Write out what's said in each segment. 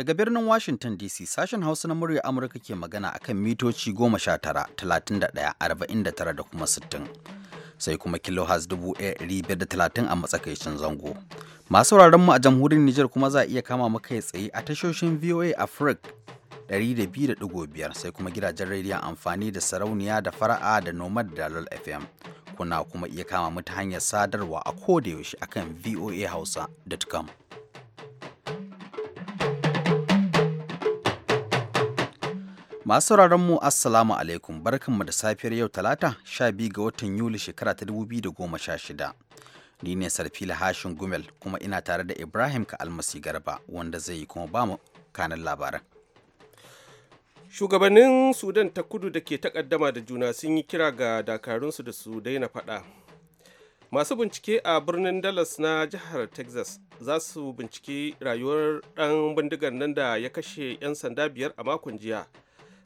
Daga birnin Washington DC sashen Hausa na murya Amurka ke magana a kan mitoci 19, 31, 49 da kuma 60. Sai kuma kilohaz 1530 a matsakaicin zango. Masu mu a jamhuriyar Nijar kuma za a iya kama makai tsaye a tashoshin VOA Africa biyar sai kuma gidajen rediyon amfani da sarauniya da fara'a da nomad da dalol FM. Kuna kuma iya kama mu ta hanyar sadarwa a kodayaushe akan voahausa.com. Masu mu Assalamu alaikum barkanmu da safiyar yau talata 12 ga watan Yuli shekara ta dubu biyu da goma sha shida Ni ne sarfi lahashin Gumel kuma ina tare da Ibrahim ka almasi Garba wanda zai yi kuma ba mu kanin labaran. Shugabannin Sudan ta kudu da ke takaddama da juna sun yi kira ga dakarunsu da su daina faɗa. Masu bincike a birnin Dallas na jihar Texas za su binciki rayuwar ɗan bindigar nan da ya kashe 'yan sanda biyar a makon jiya.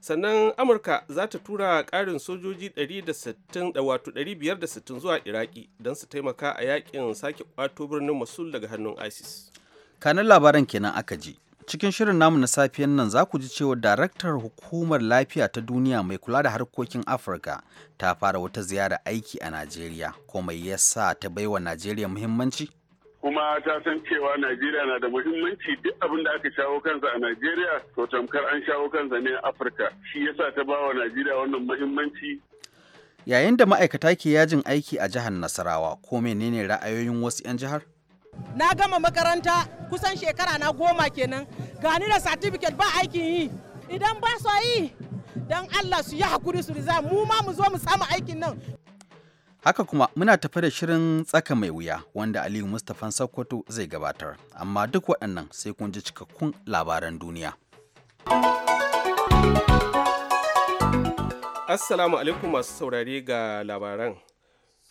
sannan amurka za ta tura ƙarin sojoji 560 zuwa iraki don su taimaka a yakin sake kwato birnin masul daga hannun isis kanan labaran kenan aka ji cikin shirin namu na safiyan nan za ku ji cewa daraktar hukumar lafiya ta duniya mai kula da harkokin afirka ta fara wata ziyara aiki a najeriya ko mai yasa ta baiwa najeriya muhimmanci kuma ta san cewa Najeriya na da muhimmanci duk abin da aka shawo kansa a Najeriya to tamkar an shawo kansa ne a Afirka shi yasa ta ba wa Najeriya wannan muhimmanci Yayin da ma'aikata ke yajin aiki a jihar Nasarawa ko menene ra'ayoyin wasu 'yan jihar? Na gama makaranta kusan shekara na goma kenan gani da satifiket ba aikin yi idan ba su yi don Allah su yi hakuri su riza mu ma mu zo mu samu aikin nan Haka kuma muna tafi da shirin tsaka mai wuya wanda Aliyu Mustafan Sokoto zai gabatar, amma duk waɗannan sai kun ji cikakkun labaran duniya. Assalamu alaikum masu saurare ga labaran.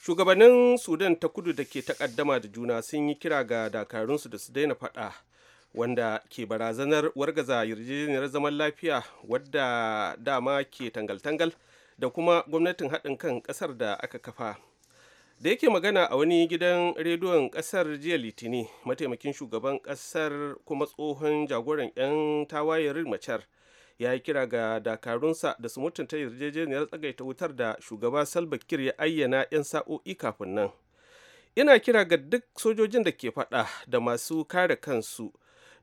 Shugabannin Sudan ta kudu da ke takaddama da juna sun yi kira ga dakarunsu da su daina faɗa wanda ke barazanar wargaza yarjejeniyar zaman lafiya wadda dama ke tangal-tangal da kuma gwamnatin haɗin kan ƙasar da aka kafa. da yake magana a wani gidan rediyon kasar jiya litini mataimakin shugaban kasar kuma tsohon jagoran 'yan tawayen rilmachar ya yi kira ga dakarunsa da su mutunta yarjejeniyar tsagaita wutar da shugaba salva kiir ya ayyana 'yan sa'o'i kafin nan ina kira ga duk sojojin da ke fada da masu kare kansu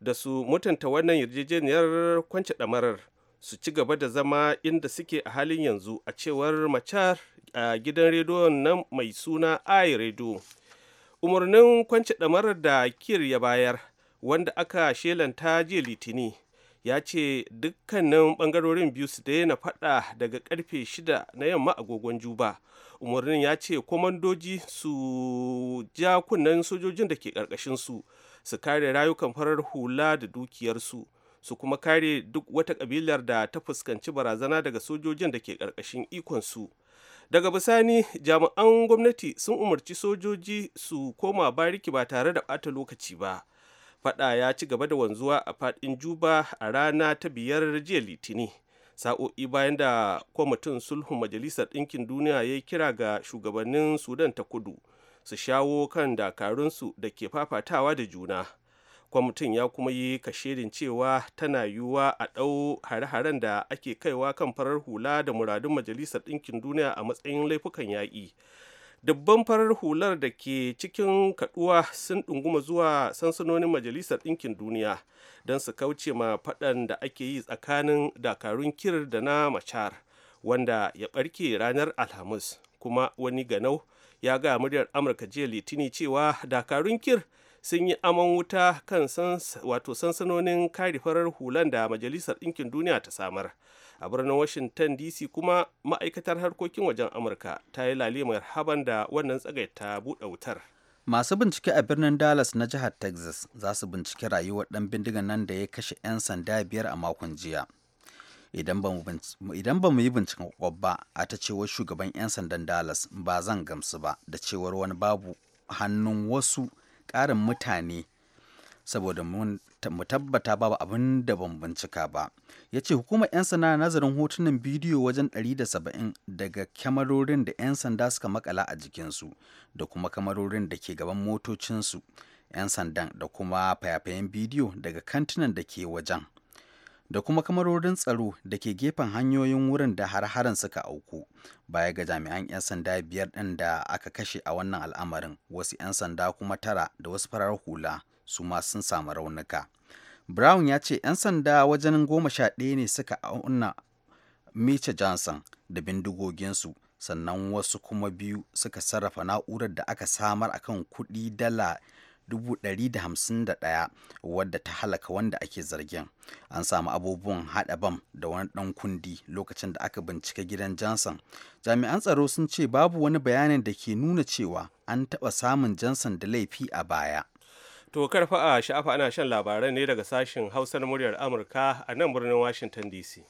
da su mutunta wannan yarjejeniyar kwance damarar su ci gaba da zama inda suke a halin yanzu a cewar macar a gidan rediyon nan mai suna ai radio umarnin kwance ɗamarar da kir ya bayar wanda aka shelanta jiya litini ya ce dukkanin ɓangarorin biyu su daina faɗa daga karfe shida na yamma agogon juba umarnin ya ce kwamandoji su ja kunnen sojojin da ke su su kare rayukan farar hula da dukiyarsu su kuma kare duk wata kabilar da ta fuskanci barazana daga sojojin da ke ƙarƙashin ikonsu daga bisani jami'an gwamnati sun umarci sojoji su koma bariki ba tare da ɓata lokaci ba fada ya ci gaba da wanzuwa a faɗin juba a rana ta biyar jiya litini sa'o'i bayan da kwamitin sulhun majalisar ɗinkin duniya ya yi kira ga shugabannin sudan ta kudu su shawo kan dakarunsu da ke fafatawa da juna kwamitin ya kuma yi kashirin cewa tana yiwuwa a ɗau hare-haren da ake kaiwa kan farar hula da muradun majalisar ɗinkin duniya a matsayin laifukan yaƙi dubban farar hular da ke cikin kaduwa sun ɗunguma zuwa sansanonin majalisar ɗinkin duniya don su kauce ma faɗan da ake yi tsakanin dakarun kir da na machar wanda ya ɓarke ranar alhamis kuma wani ganau ya ga muryar amurka jiya litini cewa dakarun kir sun yi aman wuta kan wato sansanonin kare farar hulan da majalisar ɗinkin duniya ta samar a birnin washington dc kuma ma'aikatar harkokin wajen amurka ta yi lalimar haban da wannan ta buɗe wutar masu bincike a birnin dallas na jihar texas za su binciki rayuwar ɗan bindigan nan da ya kashe 'yan sanda biyar a makon jiya idan ba mu yi binciken ba a ta cewar shugaban 'yan sandan dallas ba zan gamsu ba da cewar wani babu hannun wasu ƙarin mutane saboda mu tabbata babu abin da ban bincika ba ya ce hukumar 'yan sanda nazarin hotunan bidiyo wajen 170 daga kyamarorin da 'yan sanda suka makala a jikinsu da kuma kamarorin da ke gaban motocinsu 'yan sandan da kuma fayafayen bidiyo daga kantinan da ke wajen da kuma kamarorin tsaro da ke gefen hanyoyin wurin da har-haren suka auku baya ga jami'an 'yan sanda biyar ɗin da aka kashe a wannan al'amarin wasu 'yan sanda kuma tara da wasu farar hula su ma sun samu raunuka brown ya ce 'yan sanda wajen goma sha ɗaya ne suka auna mice johnson da bindigoginsu sannan wasu kuma biyu suka sarrafa na'urar da aka samar akan kuɗi dala 151 wadda ta halaka wanda ake zargin an samu abubuwan hada bam da wani dan kundi lokacin da aka bincika gidan jansan jami'an tsaro sun ce babu wani bayanin da ke nuna cewa an taɓa samun jansan da laifi a baya to karfa a sha'afa ana shan labarai ne daga sashen hausar muryar amurka a nan birnin washington dc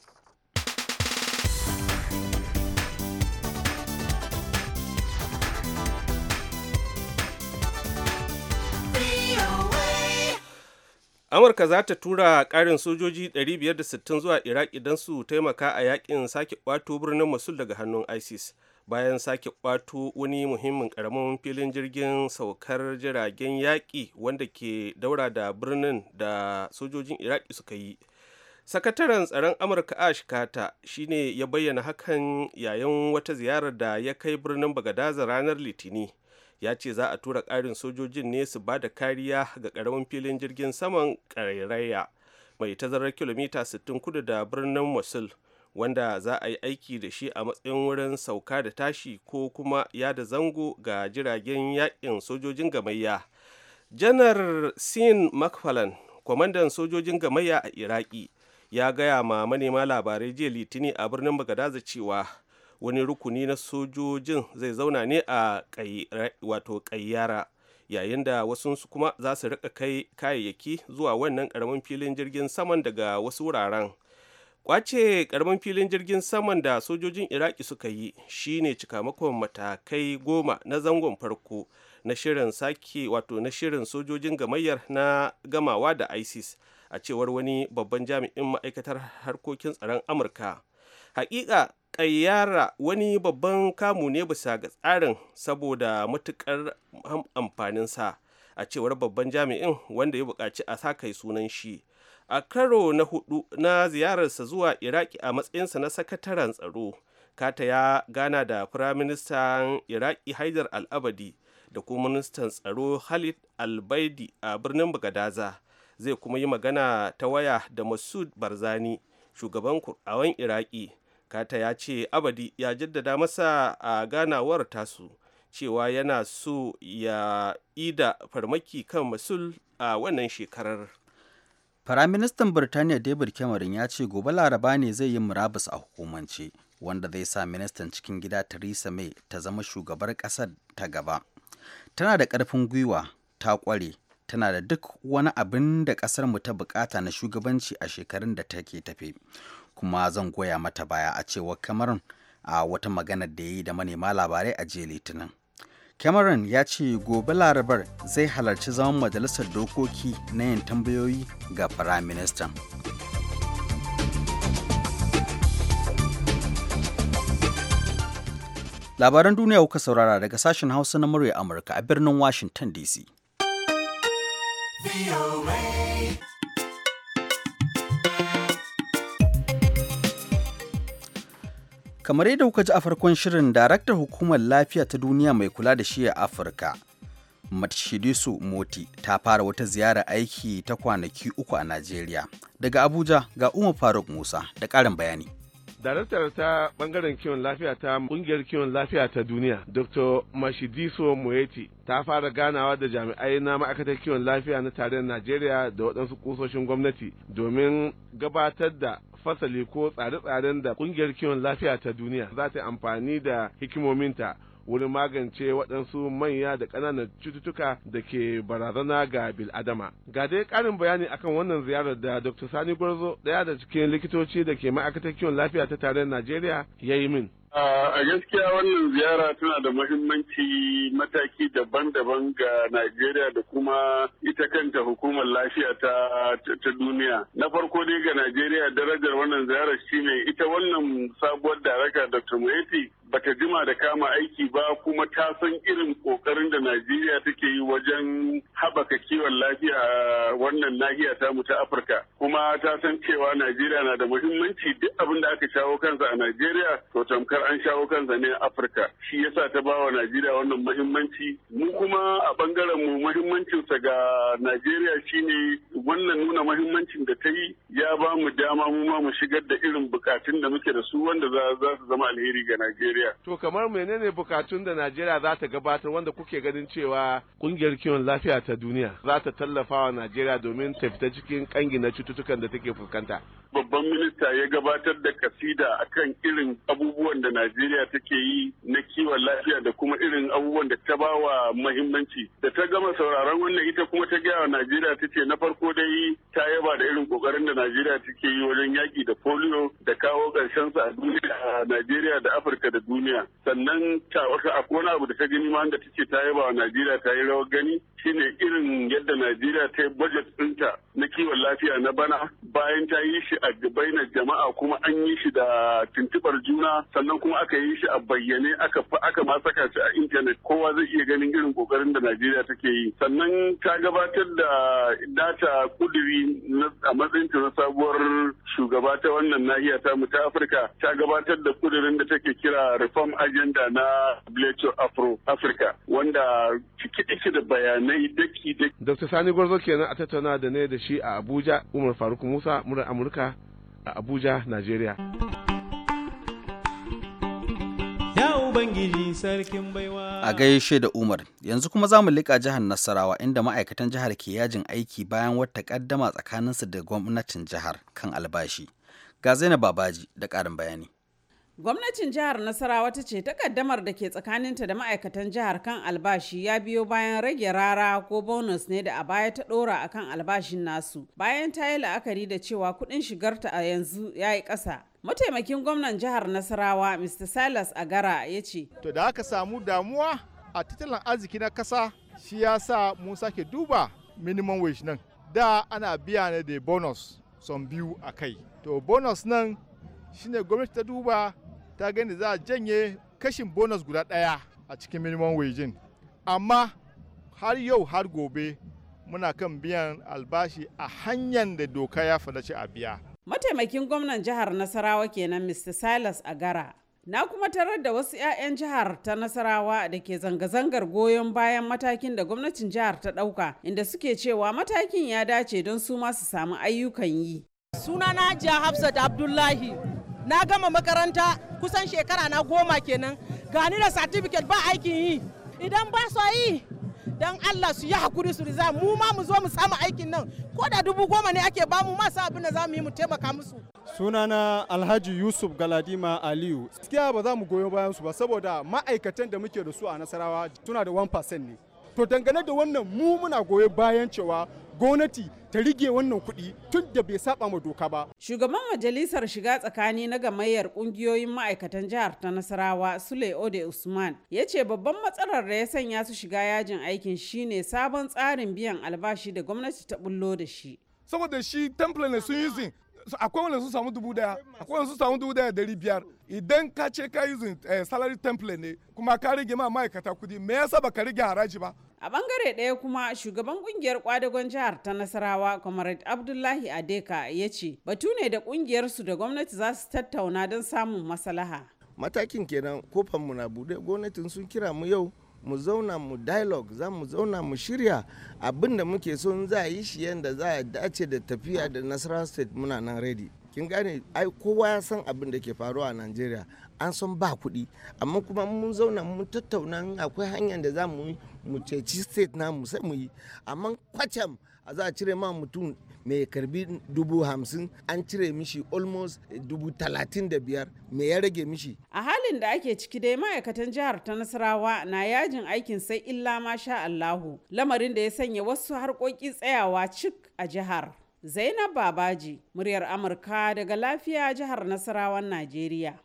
amurka za ta tura ƙarin sojoji 560 zuwa iraki don su taimaka a yakin sake kwato birnin musul daga hannun isis bayan sake kwato wani muhimmin karamin filin jirgin saukar jiragen yaƙi wanda ke daura da birnin da sojojin iraki suka yi sakataren tsaron amurka ash kata shine ya bayyana hakan yayin wata ziyarar da ya kai birnin bagadaza ranar litini ya ce za a tura ƙarin sojojin ne su ba da kariya ga ƙaramin filin jirgin saman ƙarairaya mai tazarar kilomita 60 kudu da birnin mosul wanda za a yi aiki da shi a matsayin wurin sauka da tashi ko kuma yada zango ga jiragen yakin sojojin gamayya janar sin mcfarland kwamandan sojojin gamayya a iraki ya gaya ma manema labarai jiya litini a birnin bagadaza cewa wani rukuni na sojojin zai zauna ne a wato kayyara yayin da wasu kuma za su rika kai kayayyaki zuwa wannan karamin filin jirgin saman daga wasu wuraren kwace karamin filin jirgin saman da sojojin iraki suka yi shine cikamakon matakai goma na zangon farko na shirin sake wato na shirin sojojin gamayyar na gamawa da isis a cewar wani babban jami'in ma'aikatar harkokin tsaron amurka hakika kayyara wani babban kamu ne bisa ga tsarin saboda matukar amfaninsa a cewar babban jami'in wanda ya buƙaci a sa kai sunan shi a karo na hudu na ziyararsa zuwa iraki a matsayinsa na sakataren tsaro kata ya gana da firaministan iraki haidar al'abadi da kuma ministan tsaro khalid albaidi a birnin bagadaza zai kuma yi magana ta waya da masud barzani shugaban kur'awan iraki kata ya ce abadi ya jaddada masa a ganawar tasu cewa yana so ya ida farmaki kan masul a wannan shekarar Firaministan Birtaniya David Cameron ya ce gobe laraba ne zai yi murabus a hukumance wanda zai sa ministan cikin gida Theresa May ta zama shugabar ƙasar ta gaba. Tana da ƙarfin gwiwa, ta kware tana da duk wani abin da ƙasar mu ta bukata na shugabanci a shekarun da take tafe. kuma zan goya mata baya a cewa cameron a wata magana da ya yi da manema labarai a jiya litinin cameron ya ce gobe larabar zai halarci zaman majalisar dokoki na yin tambayoyi ga firaministan labaran duniya kuka saurara daga sashen hausa na murya amurka a birnin washington dc kamar yadda kuka ji a farkon shirin daraktar hukumar lafiya ta duniya mai kula da shi a afirka matshidisu moti ta fara wata ziyara aiki ta kwanaki uku a najeriya daga abuja ga umar faruk musa da karin bayani daraktar ta bangaren kiwon lafiya ta kungiyar kiwon lafiya ta duniya dr mashidiso moeti ta fara ganawa da jami'ai na ma'aikatar kiwon lafiya na tarayyar najeriya da waɗansu kusoshin gwamnati domin gabatar da fasali ko tsare-tsaren da ƙungiyar kiwon lafiya ta duniya za ta yi amfani da hikimominta wurin magance waɗansu manya da ƙananan cututtuka da ke barazana ga bil'adama. Ga dai ƙarin bayani akan wannan ziyarar da Dr. Sani Gwarzo ɗaya da cikin likitoci da ke ma'aikatar kiwon lafiya ta tarayyar Najeriya ya yi min. A gaskiya wannan ziyara tana da muhimmanci mataki daban-daban ga Najeriya da kuma ita kanta hukumar lafiya ta, duniya. Na farko ne ga Najeriya darajar wannan ziyarar shine ita wannan sabuwar daraka Dr. Mueti bata jima da kama aiki ba kuma ta san irin kokarin da Najeriya take yi wajen haɓaka kiwon lafiya a wannan nahiya ta mu ta Afirka kuma ta san cewa Najeriya na da muhimmanci duk abin da aka shawo kansa a Najeriya to tamkar an shawo kansa ne a Afirka shi yasa ta ba wa Najeriya wannan muhimmanci mu kuma a bangaren mu muhimmancinsa ga Najeriya shine wannan nuna mahimmancin da ta yi ya ba mu dama mu ma mu shigar da irin bukatun da muke da su wanda za su zama alheri ga Najeriya. To kamar menene bukatun da Najeriya za ta gabatar wanda kuke ganin cewa kungiyar kiwon lafiya ta duniya za ta tallafa wa Najeriya domin ta fita cikin kangi na cututtukan da take fuskanta. babban minista ya gabatar da kasida a kan irin abubuwan da Najeriya take yi na kiwon lafiya da kuma irin abubuwan da ta bawa mahimmanci. Da ta gama sauraron wannan ita kuma ta gaya wa Najeriya ta ce na farko dai ta yaba da irin kokarin da Najeriya take yi wajen yaƙi da polio da kawo ƙarshen sa a duniya a Najeriya da Afirka da duniya. Sannan ta wata kona abu da ta gani ma da ta ce ta yaba wa Najeriya ta yi rawar gani shine irin yadda Najeriya ta yi budget ɗinta na kiwon lafiya na bana bayan ta yi shi a bainar jama'a kuma an yi shi da tuntubar juna sannan kuma aka yi shi a bayyane aka aka ma saka shi a intanet kowa zai iya ganin irin kokarin da Najeriya take yi sannan ta gabatar da data kuduri a matsayin ta sabuwar shugaba ta wannan nahiya ta mu ta Afirka ta gabatar da kudurin da take kira reform agenda na Bleach Afro Africa wanda ciki ciki da bayanai daki daki Dr. Sani Gwarzo kenan a tattauna da ne da shi a Abuja Umar Faruk Musa murar Amurka a Abuja, Najeriya. A gaishe da Umar, yanzu kuma za mu liƙa jihar Nasarawa inda ma'aikatan jihar ke yajin aiki bayan wata ƙaddama tsakaninsu da gwamnatin jihar kan albashi. Ga Zainab Babaji da ƙarin bayani. Gwamnatin jihar Nasarawa ta ce takaddamar da ke tsakaninta da ma'aikatan jihar kan albashi ya biyo bayan rage rara ko bonus ne da a baya ta dora a kan albashin nasu bayan ta yi la'akari da cewa kudin shigarta a yanzu ya yi kasa Mataimakin gwamnan jihar Nasarawa Mr. Silas Agara ya ce. To da aka samu damuwa a tattalin arziki na kasa shi ya sa mun sake duba minimum wage nan. Da ana biya ne da bonus son biyu a kai. To bonus nan shine gwamnati ta duba ta gani za a janye kashin bonus guda ɗaya a cikin minimum wage amma har yau har gobe muna kan biyan albashi a hanyar da doka ya fadace a biya mataimakin gwamnan jihar nasarawa kenan mr silas agara na kuma tarar da wasu 'ya'yan jihar ta nasarawa da ke zanga-zangar goyon bayan matakin da gwamnatin jihar ta ɗauka inda suke cewa matakin ya dace don su masu su samu ayyukan yi sunana jihar hafsat abdullahi na gama makaranta kusan shekara na goma kenan gani da certificate ba aikin yi idan ba su yi dan allah su yi hakuri su riza mu ma mu zo mu samu aikin nan ko da dubu goma ne ake ba mu ma sa abin da za mu yi mu taimaka musu sunana alhaji yusuf galadima aliyu gaskiya ba za mu goyo bayan su ba saboda ma'aikatan da muke da su a nasarawa suna da 1% ne to dangane da wannan mu muna goyo bayan cewa gwamnati ta rige wannan kuɗi tun da bai saba ma doka ba. Shugaban majalisar shiga tsakani na gamayyar ƙungiyoyin ma'aikatan jihar ta Nasarawa Sule Ode Usman ya ce babban matsalar da ya sanya su shiga yajin aikin shine sabon tsarin biyan albashi da gwamnati ta bullo da shi. Saboda shi template ne sun yi zin akwai wanda sun samu dubu daya akwai wanda sun samu dubu daya dari biyar idan ka ce ka yi zin eh, salary template ne kuma ka rage ma ma'aikata kuɗi me yasa ba ka rage haraji ba a bangare ɗaya kuma shugaban kungiyar kwadagon jihar ta nasarawa comrade abdullahi adeka ya ce batu ne da ƙungiyarsu da gwamnati za su tattauna don samun masalaha. matakin kenan kofan mu na bude gwamnatin sun kira mu yau mu zauna mu dialogue za mu zauna mu shirya abin da muke so za a yi shi yadda za a dace da tafiya da nasarawa state muna nan ready kin gane ai kowa ya san abin da ke faruwa a najeriya an san ba kuɗi amma kuma mun zauna mun tattauna akwai hanyar da za mu mu ceci state na mu sai mu yi amma kwacam a za a cire ma mutum mai karbi dubu hamsin an cire mishi almost dubu talatin da biyar mai ya rage mishi a halin da ake ciki dai ma'aikatan jihar ta nasarawa na yajin aikin sai illa ma sha allahu lamarin da ya sanya wasu harkokin tsayawa cik a jihar Zainab Babaji, muryar Amurka daga lafiya jihar Nasarawan Najeriya.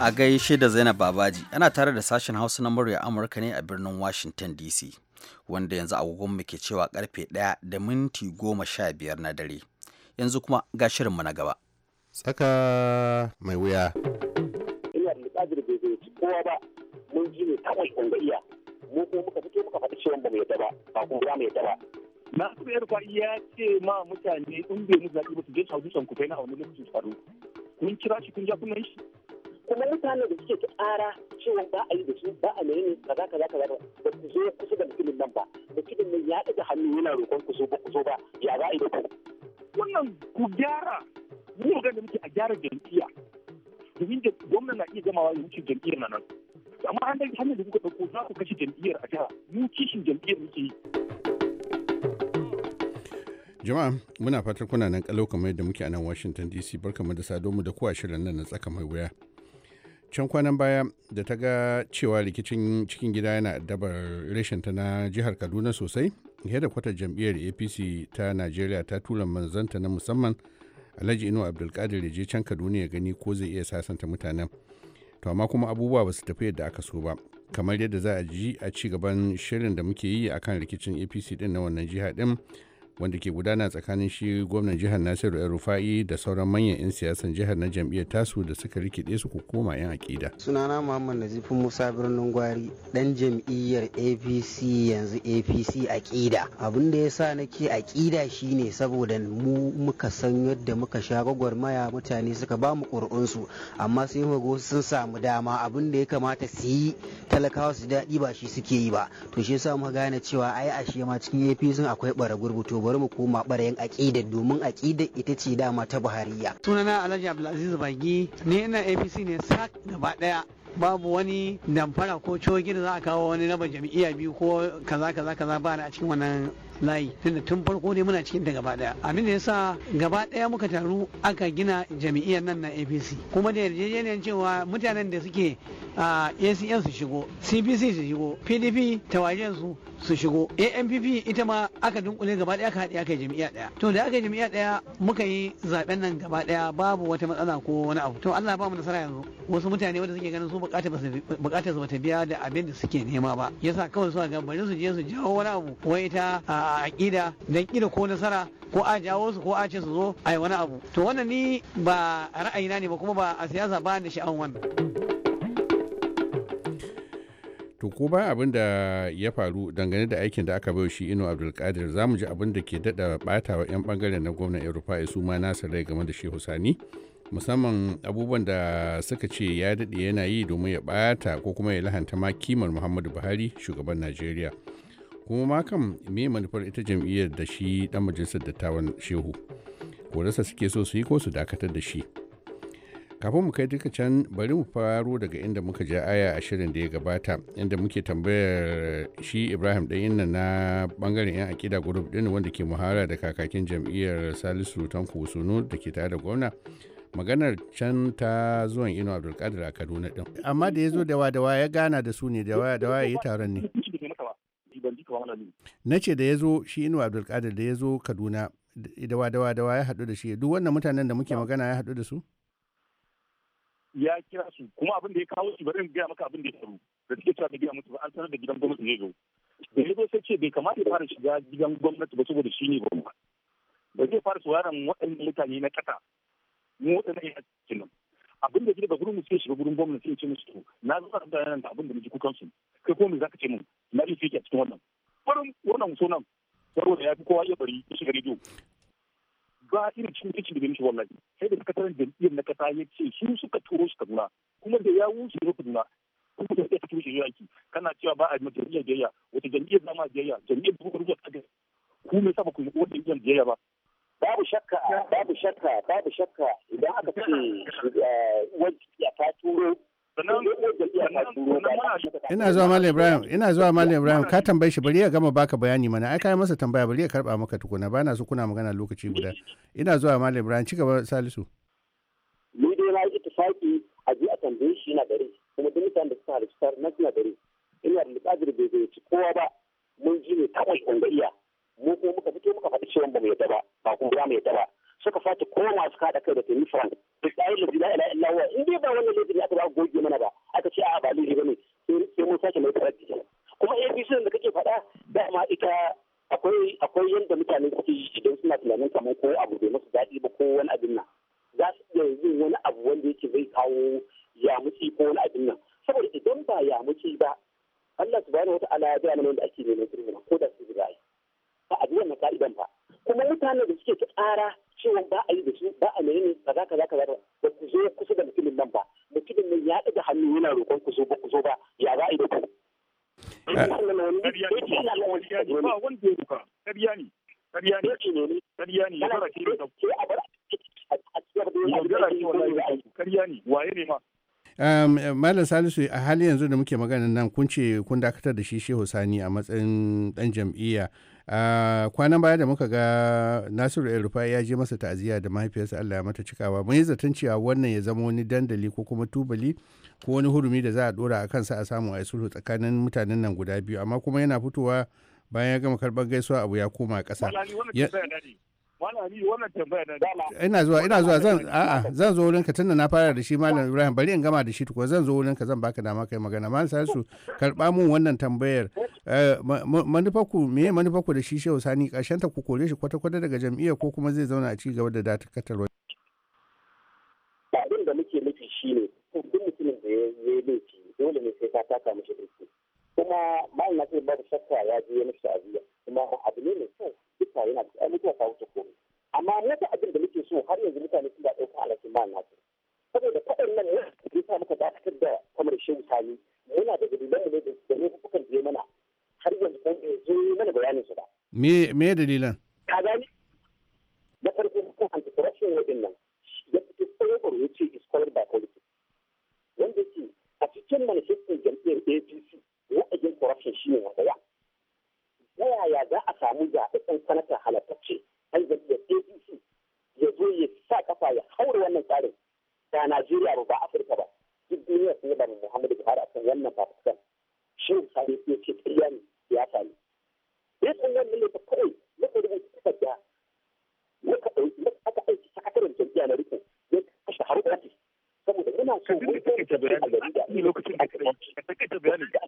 A gaishe da Zainab Babaji, ana tare da sashen Hausa na murya Amurka ne a birnin Washington DC, wanda yanzu agogon mu ke cewa karfe 1 da minti 15 na dare. Yanzu kuma ga shirinmu na gaba. Tsaka mai wuya. na kuma muka fito ba yadda ba, kuma ba mu ya ce ma mutane in bai mu zaɓi ba su je su hau kufai na a wani lokacin tsaro Kun kira shi kun ja kun shi. kuma mutane da suke ta ƙara cewa ba a yi da su ba a menene kaza kaza kaza ba ku zo kusa da mutumin nan ba mutumin nan ya ɗaga hannu yana roƙon ku zo ba ku zo ba ya za a yi da ku. wannan ku gyara mu ga da muke a gyara jam'iyya domin gwamna na iya gamawa ya wuce jam'iyyar nan amma an dai hannun da kuka ɗauko za ku kashe jam'iyyar a jiha mu kishin jam'iyyar muke yi. jama'a muna fatar kuna nan kalau kamar yadda muke a nan washington dc barkamu da sadomu da kowa shirin nan na tsaka mai wuya can kwanan baya da ta ga cewa rikicin cikin gida yana addabar rashin ta na jihar kaduna sosai da kwatar jam'iyyar apc ta najeriya ta tura manzanta na musamman alhaji inu abdulkadir ya je can kaduna ya gani ko zai iya sasanta mutanen to amma kuma abubuwa ba su tafi yadda aka so ba kamar yadda za a ji a ci gaban shirin da muke yi akan rikicin apc din na wannan jiha din wanda ke gudana tsakanin shi gwamnan jihar nasiru yan rufa'i da sauran manyan 'yan siyasan jihar na jam'iyyar tasu da suka rikide su ku koma 'yan akida sunana muhammad nazifin musa birnin gwari dan jam'iyyar apc yanzu apc akida abin da ya sa nake akida shine saboda mu muka san yadda muka sha gwagwarmaya mutane suka ba mu ƙuri'unsu amma sai mu sun samu dama abin da ya kamata su yi talakawa su daɗi ba shi suke yi ba to shi yasa muka gane cewa ai a ashe ma cikin apc akwai bara bari mu koma barayin aƙidar domin aƙidar ita ce dama ta buhariya sunana alhaji abdulaziz bagi ne ina apc ne sak gaba ɗaya. babu wani damfara ko cogin da za a kawo wani raba jam'iyya biyu ko kaza kaza kaza ba a cikin wannan layi tunda tun farko ne muna cikin ta gaba daya abin da yasa gaba daya muka taru aka gina jami'iyyar nan na APC kuma da yarjejeniyar cewa mutanen da suke a ACN su shigo CPC su shigo PDP tawajen su su shigo ANPP ita ma aka dunkule gaba daya aka haɗe aka yi jami'a daya to da aka yi jami'a daya muka yi zaben nan gaba daya babu wata matsala ko wani abu to Allah ba mu nasara yanzu wasu mutane wanda suke ganin su bukatar su bata biya da abin da suke nema ba yasa kawai suka ga bari su je su jawo wani abu wai ta. a aƙida don ƙida ko nasara ko a jawo su ko a ce su zo a yi wani abu to wannan ni ba ra'ayina ne ba kuma ba a siyasa ba da sha'an wannan. to ko ba abin da ya faru dangane da aikin da aka bai shi ino abdulkadir za mu ji abin da ke daɗa ɓatawa 'yan bangaren na gwamnan europa su ma nasa rai game da shehu sani musamman abubuwan da suka ce ya daɗe yana yi domin ya ɓata ko kuma ya lahanta ma kimar muhammadu buhari shugaban najeriya kuma ma kan me manufar ita jam'iyyar da shi dan majalisar dattawan shehu rasa suke so su yi ko su dakatar da shi kafin mu kai duka can bari mu faro daga inda muka ja aya a shirin da ya gabata inda muke tambayar shi ibrahim ɗan inna na bangaren yan akida group din wanda ke muhara da kakakin jam'iyyar salisu tanko sunu da ke tare da gwamna maganar can ta zuwan ino abdulkadir a kaduna din amma da ya zo da wa ya gana da su ne da waya da waya yi taron ne malami. Na ce da ya zo shi Inuwa Abdulkadir da ya zo Kaduna dawa dawa dawa ya haɗu da shi duk wannan mutanen da muke magana ya haɗu da su? Ya kira su kuma abin da ya kawo su bari in gaya maka abin da ya faru da suke cewa da gaya musu ba an sanar da gidan gwamnati zai zo. Da ya zo sai ce bai kamata ya fara shiga gidan gwamnati ba saboda shi ne gwamnati. Ba zai fara sauraron waɗannan mutane na ƙasa mu waɗannan ya nan. abin da gida gurin musu shiga gurin gwamnati sai ce musu to na zo da bayanan da abin da nake kukan su kai ko me zaka ce mun na yi fiki a cikin wannan barin wannan sunan saboda ya fi kowa iya bari ya shiga rediyo ba irin cin kici da mishi wallahi sai da sakataren jam'iyyar na kasa ya ce su suka turo shi kaduna kuma da ya wuce ya kaduna kuma da ya turo shi yaki kana cewa ba a yi jam'iyyar jayya wata jam'iyyar zama jayya jam'iyyar da kuka rubuta kaga ku me sa ba ku yi wata jam'iyyar jayya ba babu shakka babu shakka babu shakka idan aka ce eh, wani ya ta turo ina zuwa malam ibrahim ina zuwa malam ibrahim ka tambaye shi bari ya gama baka bayani mana ai kai masa tambaya bari ya karba maka tukuna ba na so kuna magana lokaci guda ina zuwa malam ibrahim ci gaba salisu ni dai na yi tafaki a ji a tambaye shi na gari kuma duk mutanen da suka tar na suna gari ina da bukatar bai zai ci kowa ba mun ji ne kawai kun iya mu kuma muka fito muka faɗi cewa ba mu yadda ba ba kuma ba mu yadda ba suka fata koma suka kaɗa kai da Temi Frank da tsayi a la ilaha in dai ba wani laifin aka ba goge mana ba aka ce a ba laifi ne. sai mun sake mai farar kuma ABC da kake faɗa dama ita akwai akwai yadda mutane suke yi idan suna tunanin kamar ko abu bai musu daɗi ba ko wani abin nan za su iya yin wani abu wanda yake zai kawo ya yamutsi ko wani abin nan saboda idan ba ya yamutsi ba Allah subhanahu wa ta'ala ya ga mana da ake neman sulhu ko da su zai ba a biyan ka'idan ba kuma mutanen da suke ta tsara cewa ba a yi da su ba a menene ba za ka za ka za ba ku zo kusa da mutumin nan ba mutumin nan ya ɗaga hannu yana roƙon ku zo ba ku zo ba ya za a yi da ku. Malam Salisu a hali yanzu da muke magana nan kun ce kun dakatar da shi Shehu Sani a matsayin ɗan jam'iyya. kwanan baya da muka ga nasiru rufa'i ya je masa ta'aziyya da mahaifiyarsa allah ya mata cikawa mun yi zaton cewa wannan ya zama wani dandali ko kuma tubali ko wani hurumi da za a dora a kansa a samu a sulhu tsakanin mutanen nan guda biyu amma kuma yana fitowa bayan ya gama karɓar gaisuwa abu ya koma ƙasa wannan tambaya na ina zuwa ina zuwa zan a'a zan zo wurinka tunda na fara da shi malam Ibrahim bari in gama da shi tukwa zan zo wurinka zan baka dama kai magana malam Salisu karba mu wannan tambayar eh, manufar ku me manufar ku da shi Shehu Sani karshen ta ku kore shi kwata-kwata daga jam'iyyar ko kuma zai zauna a ci gaba da dakatarwa abin da muke nufi shine duk mutumin da ya yi laifi dole ne sai ka taka mishi kuma malam ba da shakka ya je ya mishi ta'aziyya kuma abu ne mai kyau mota yana da ai mutuwa ta wuce amma wata abin da muke so har yanzu mutane suna da ɗauka alhakin ma nasu saboda faɗin nan ne ya sa muka dakatar da kamar shehu sani muna da dalilan ne da ne kukan je mana har yanzu kan zo mana bayanin su ba me me dalilan ka gani na farko kan anti-corruption wajen nan ya fito tsohon ya ce is by politics wanda ke a cikin manifestin jam'iyyar apc wa'ajin corruption shi ne wa ta yaya za a samu ɗan sanata halattacce an jam'iyyar apc ya zo ya sa kafa ya haura wannan tsarin da najeriya ba ba afirka ba duk duniya sun yaba muhammadu buhari akan wannan fafukan shi sani ya ce ƙarya ne ya sani ya san wannan ne kawai muka rubuta takarda muka ɗauki aka aiki sakataren jam'iyya na riko ya kashe har ofis saboda yana so mun ta lokacin da kai bayani da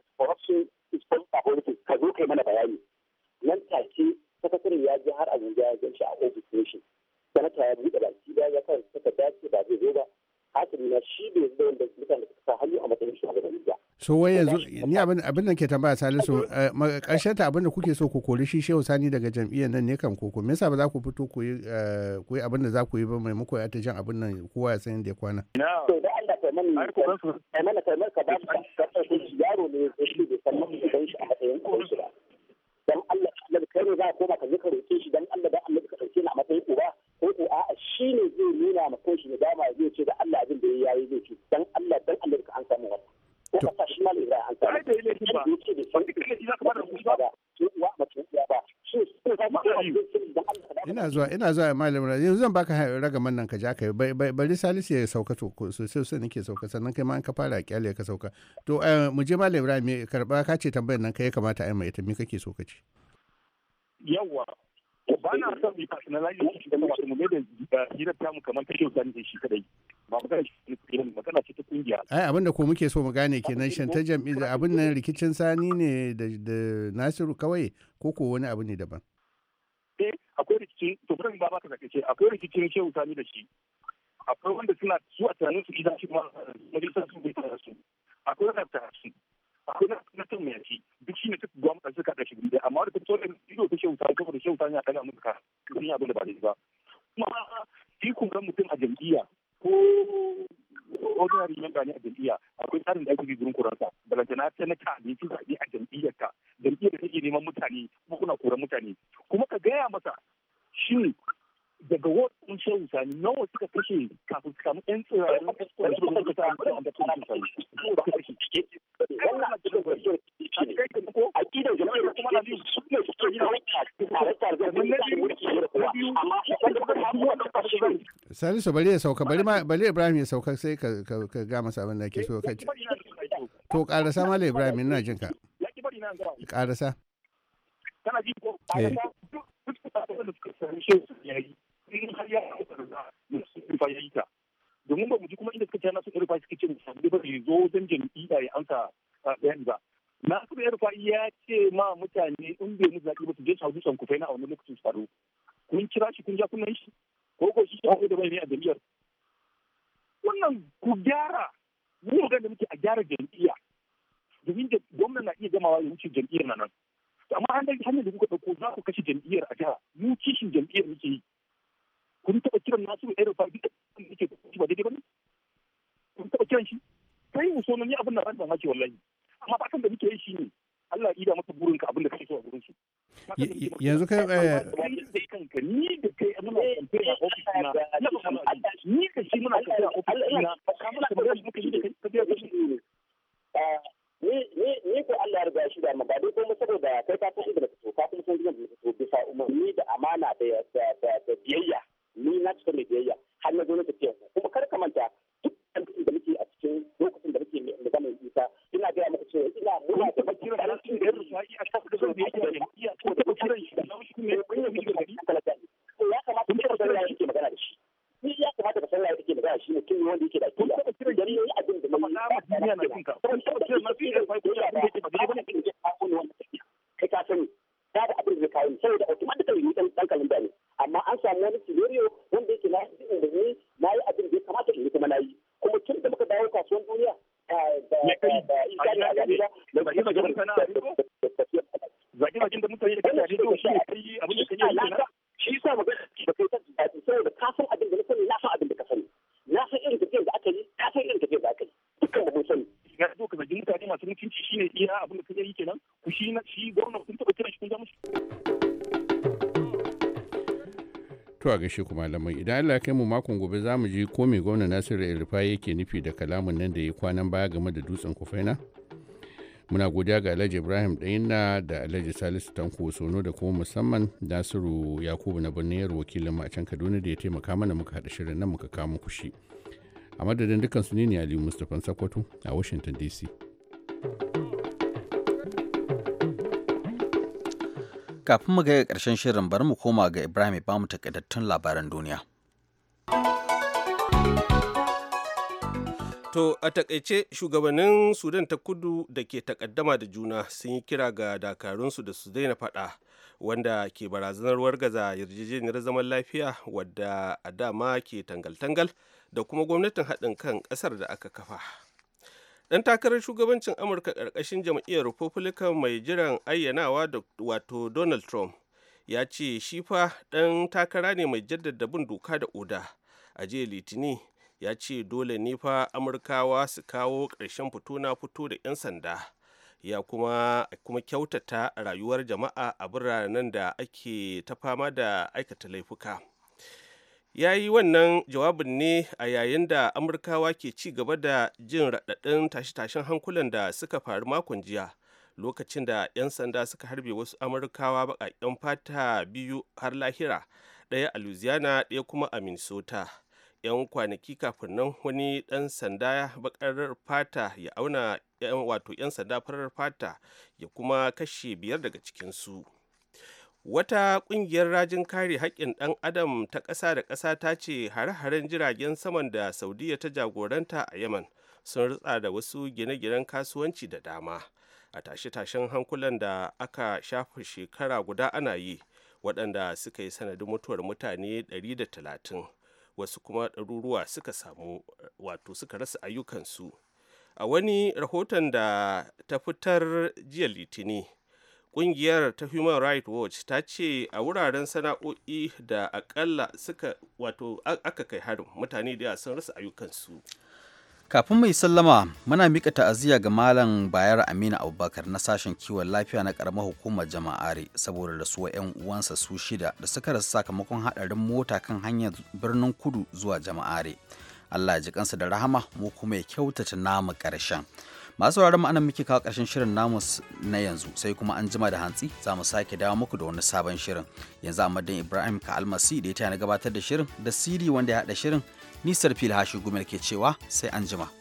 so wai yanzu ni abin da ke tambaya salisu eh, ƙarshen ta abin da kuke so ku kori shi shehu sani daga jam'iyyar nan ne kan koko me yasa ba za ku fito ku yi eh, abin da za ku yi ba maimako ya ta jan abin nan kowa ya san da ya kwana. da yi laifi ba za ka ba ina zuwa ina zuwa malam yanzu zan baka raga nan ka ja ka bari salisu ya sauka to sosai sai nake sauka sannan kai ma an ka fara kyale ka sauka to eh, mu je malam ibrahim karba ka ce tambayar nan kai ya kamata a yi mai ita me kake so ka ce yawwa ba na son shi da wato mu da eh, ta mu kamar kashe shi kadai ba muke so mu gane kenan shan ta jam'i abin nan rikicin sani ne da Nasiru kawai ko ko wani abu ne daban eh akwai rikicin to kuma ba shehu sani da shi akwai wanda suna su a tunanin su idan shi ma majalisar su bai tsara su akwai na mutum mai ci duk shi ne suka gwamnati suka da shi gida amma da fito da ido ta shehu ta kafa da shehu ta ya kana muka sun yi abin da ba da ba kuma kun ga mutum a jam'iyya ko ordinary member ne a jam'iyya akwai tsarin da ake bi gurin kuransa balantana ta na ta ne zaɓe a jam'iyyarka jam'iyyar da take neman mutane kuma kuna koran mutane kuma ka gaya masa shin daga wasu nawa suka kashe kafin su samu yan tsirarin da suka kashe a kan suka kashe cike salisu bari ya sauka bari ibrahim ya sauka sai ka ga masa abin da ke so ka to karasa mala ibrahim ina jin ka karasa kana ji ko in har ya kawo su rufa ya yi ta domin ba mu ji kuma inda suka tana su rufa suke cin mu ba ya zo wajen jam'iyya ya amsa ɗayan ba na su rufa ya ce ma mutane in bai mu zaɓi ba su je su hau kufai na a wani lokacin su faru kun kira shi kun ja kun shi ko ko shi shi da bai ne a jam'iyyar wannan ku gyara mu ga da muke a gyara jam'iyya domin da gwamna na iya gamawa ya wuce jam'iyyar nan amma an dai hanyar da kuka ɗauko za ku kashe jam'iyyar a jiha mu kishin jam'iyyar muke yi kun taɓa kiran nasu ɗaya da fabi da yake ba daidai ba ne kun taɓa kiran shi kai mu uso ni abin da ban hake wallahi amma ba fatan da muke yi shi ne Allah ida maka burin ka abin da kake so a gurin su yanzu kai sai eh, kanka ni da kai muna kamfe a ofis na ni ka shi muna kamfe a ofis na ka muna kamfe da muke yi da kai ka biya ne ah, ni ko Allah ya riga shi da ba ko mu saboda kai ka tashi da ka so ka kuma san da ka so bisa umarni da amana da biyayya ni na cika mai biyayya har na zo na tafiya kuma kar ka manta duk lokacin da muke a cikin lokacin da muke mai isa ina gaya muku cewa ina muna da bakin da ya da haƙi a kan gaishe ku malamai idan Allah ya kai mu makon gobe za mu ji ko me gwamna Nasiru Elfa yake nufi da kalamin nan da ya kwanan baya game da dutsen kufaina. Muna godiya ga Alhaji Ibrahim Ɗayinna da Alhaji Salisu Tanko Sono da kuma musamman Nasiru Yakubu na yar wakilin mu a can Kaduna da ya taimaka mana muka haɗa shirin nan muka kama muku shi. A madadin dukkan su ne ne Aliyu Mustapha Sakwato a Washington DC. kafin mu ga ƙarshen shirin bari mu koma ga Ibrahim ya bamu takaitattun labaran duniya. To a takaice shugabannin Sudan ta kudu da ke takaddama da juna sun yi kira ga dakarunsu da su daina faɗa wanda ke barazanar wargaza yarjejeniyar zaman lafiya wadda a dama ke tangal-tangal da kuma gwamnatin haɗin kan ƙasar da aka kafa. dan takarar shugabancin amurka ƙarƙashin jam'iyyar republican mai jiran ayyanawa wato donald trump ya ce shi fa dan takara ne mai jaddada bin doka da oda a jiya litini ya ce dole ne fa amurkawa su kawo ƙarshen fito na fito da 'yan sanda ya kuma kuma kyautata rayuwar jama'a a biranen da ake ta fama da aikata laifuka ya yi wannan jawabin ne a yayin da amurkawa ke ci gaba da jin raɗaɗin tashe-tashen hankulan da suka faru makon jiya lokacin da 'yan sanda suka harbe wasu amurkawa baƙaƙen fata biyu har lahira ɗaya a louisiana ɗaya kuma a minnesota 'yan kwanaki kafin nan wani ɗan sanda baƙarar fata ya auna wato 'yan sanda farar fata ya kuma kashe biyar daga cikinsu. su wata kungiyar rajin kare haƙƙin ɗan adam ta ƙasa da ƙasa ta ce hare-haren jiragen saman da saudiya ta jagoranta a yaman sun rutsa da wasu gine-ginen kasuwanci da dama a tashe-tashen hankulan da aka shafa shekara guda ana yi waɗanda suka yi sanadin mutuwar mutane 130 wasu kuma ɗaruruwa suka samu wato suka rasa ayyukansu a wani rahoton da ta fitar jiya litini kungiyar ta Human Rights Watch ta ce a wuraren sana'o'i da akalla suka wato aka kai harin mutane da sun rasa ayyukansu. Kafin mai sallama muna mika ta'aziyya ga Malam Bayar Aminu Abubakar na sashen kiwon lafiya na karamar hukumar jama'are saboda da suwa 'yan uwansa su shida da suka rasa sakamakon hadarin mota kan hanyar birnin kudu zuwa jama'are. Allah ya ji kansa da rahama mu kuma ya kyautata namu karshen. masu sauraron ma'anar muke kawo ƙarshen shirin namu na yanzu sai kuma an jima da hantsi za mu sake dawo muku da wani sabon shirin yanzu a madadin ibrahim ka almasi da ya tana gabatar da shirin da siri wanda ya haɗa shirin nisar fil hashi gumel ke cewa sai an jima.